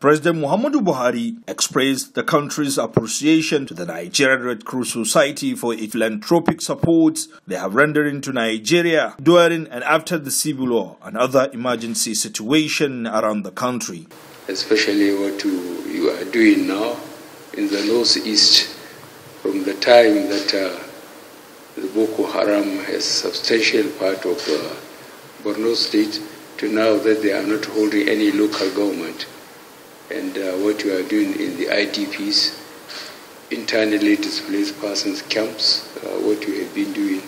President Muhammadu Buhari expressed the country's appreciation to the Nigerian Red Cross Society for its philanthropic support they have rendered to Nigeria during and after the civil war and other emergency situations around the country. Especially what you, you are doing now in the northeast from the time that uh, the Boko Haram has substantial part of uh, Borno state to now that they are not holding any local government and uh, what we are doing in the IDPs, internally displaced persons camps, uh, what we have been doing.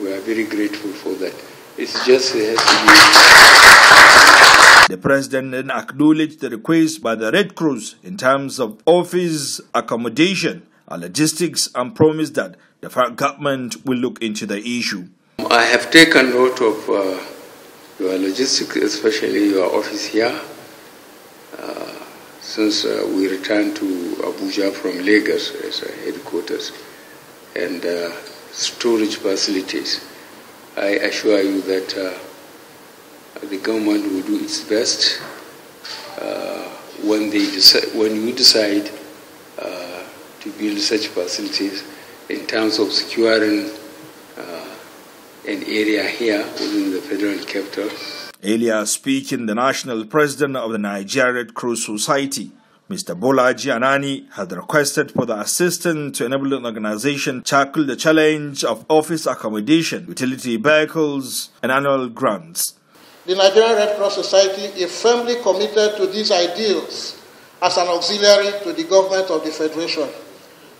We are very grateful for that. It's just it has to be. The president then acknowledged the request by the Red Cross in terms of office accommodation and logistics and promised that the government will look into the issue. I have taken note of uh, your logistics, especially your office here since uh, we returned to Abuja from Lagos as a headquarters and uh, storage facilities, I assure you that uh, the government will do its best uh, when, they when decide uh, to build such facilities in terms of securing uh, an area here within the federal capital Earlier speaking, the national president of the Nigerian Red Society, Mr. Bolaji Anani, had requested for the assistance to enable an organization tackle the challenge of office accommodation, utility vehicles, and annual grants. The Nigerian Red Cross Society is firmly committed to these ideals as an auxiliary to the government of the Federation.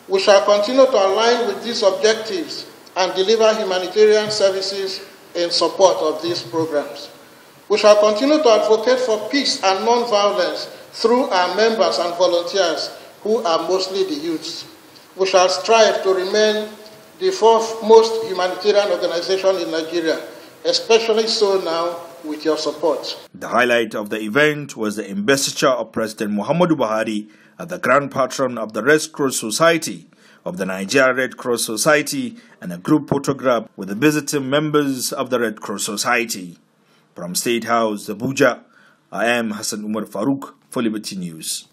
We shall continue to align with these objectives and deliver humanitarian services in support of these programs. We shall continue to advocate for peace and non-violence through our members and volunteers, who are mostly the youths. We shall strive to remain the fourth most humanitarian organization in Nigeria, especially so now with your support. The highlight of the event was the investiture of President Muhammadu Buhari as the grand patron of the Red Cross Society of the Nigeria Red Cross Society and a group photograph with the visiting members of the Red Cross Society. From State House, Abuja, I am Hassan Umar Farouk for Liberty News.